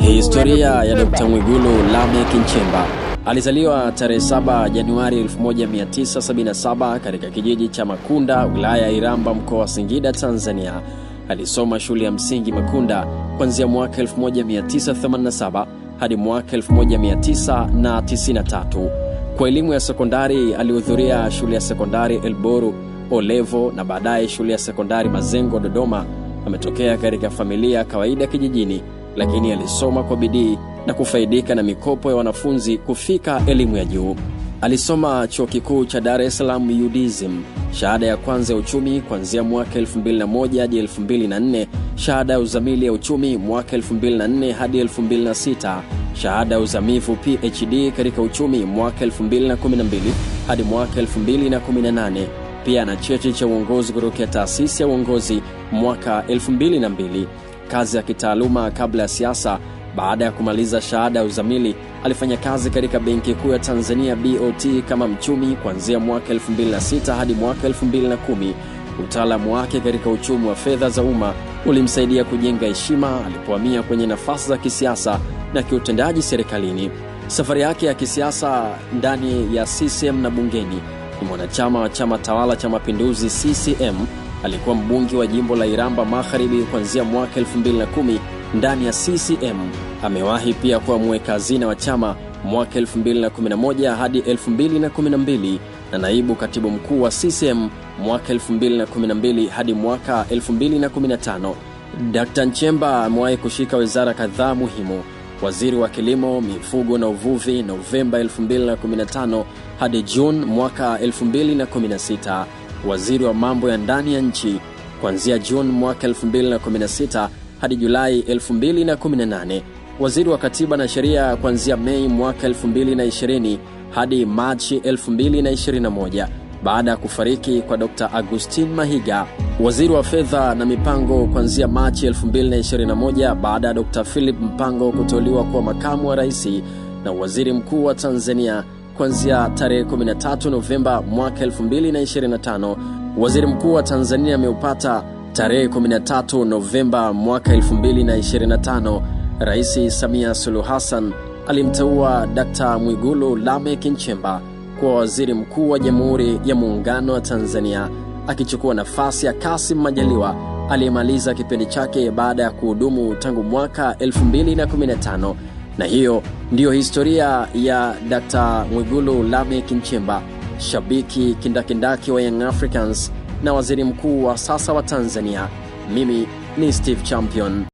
Historia ya Dr. Mwigulu Lameck Nchemba. Alizaliwa tarehe 7 Januari 1977 katika kijiji cha Makunda, wilaya ya Iramba, mkoa wa Singida, Tanzania. Alisoma shule ya msingi Makunda kuanzia mwaka 1987 hadi mwaka 1993. Kwa elimu ya sekondari alihudhuria shule ya sekondari Elboru Olevo na baadaye shule ya sekondari Mazengo Dodoma. Ametokea katika familia kawaida kijijini lakini alisoma kwa bidii na kufaidika na mikopo ya wanafunzi kufika elimu ya juu. Alisoma chuo kikuu cha Dar es Salaam udism shahada ya kwanza ya uchumi kuanzia mwaka 2001 hadi shahada ya uzamili ya uchumi mwaka 24 hadi 26 shahada ya uzamivu PhD katika uchumi mwaka 212 hadi mwaka 218 Pia na cheche cha uongozi kutokea taasisi ya uongozi mwaka 22 kazi ya kitaaluma kabla ya siasa. Baada ya kumaliza shahada ya uzamili, alifanya kazi katika Benki Kuu ya Tanzania BOT kama mchumi kuanzia mwaka 2006 hadi mwaka 2010. Utaalamu wake katika uchumi wa fedha za umma ulimsaidia kujenga heshima alipohamia kwenye nafasi za kisiasa na kiutendaji serikalini. Safari yake ya kisiasa ndani ya CCM na bungeni, ni mwanachama wa chama tawala cha Mapinduzi CCM alikuwa mbunge wa jimbo la Iramba Magharibi kuanzia mwaka 2010 ndani ya CCM. Amewahi pia kuwa mweka hazina wa chama mwaka 2011 hadi 2012 na naibu katibu mkuu wa CCM mwaka 2012 hadi mwaka 2015. dr Nchemba amewahi kushika wizara kadhaa muhimu: waziri wa kilimo, mifugo na uvuvi Novemba 2015 hadi Juni mwaka 2016 waziri wa mambo ya ndani ya nchi kuanzia Juni mwaka 2016 hadi Julai 2018, waziri wa katiba na sheria kuanzia Mei mwaka 2020 hadi Machi 2021 baada ya kufariki kwa Dr. Agustin Mahiga, waziri wa fedha na mipango kuanzia Machi 2021 baada ya Dr. Philip Mpango kuteuliwa kuwa makamu wa rais na waziri mkuu wa Tanzania kuanzia tarehe 13 Novemba mwaka 2025. Waziri Mkuu wa Tanzania ameupata tarehe 13 Novemba mwaka 2025. Rais Samia Suluhu Hassan alimteua Dkt. Mwigulu Lameck Nchemba kuwa waziri mkuu wa Jamhuri ya Muungano wa Tanzania, akichukua nafasi ya Kassim Majaliwa aliyemaliza kipindi chake baada ya kuhudumu tangu mwaka 2015. Na hiyo ndiyo historia ya Dr. Mwigulu lame Nchemba, shabiki kindakindaki wa Young Africans na waziri mkuu wa sasa wa Tanzania. Mimi ni Steve Champion.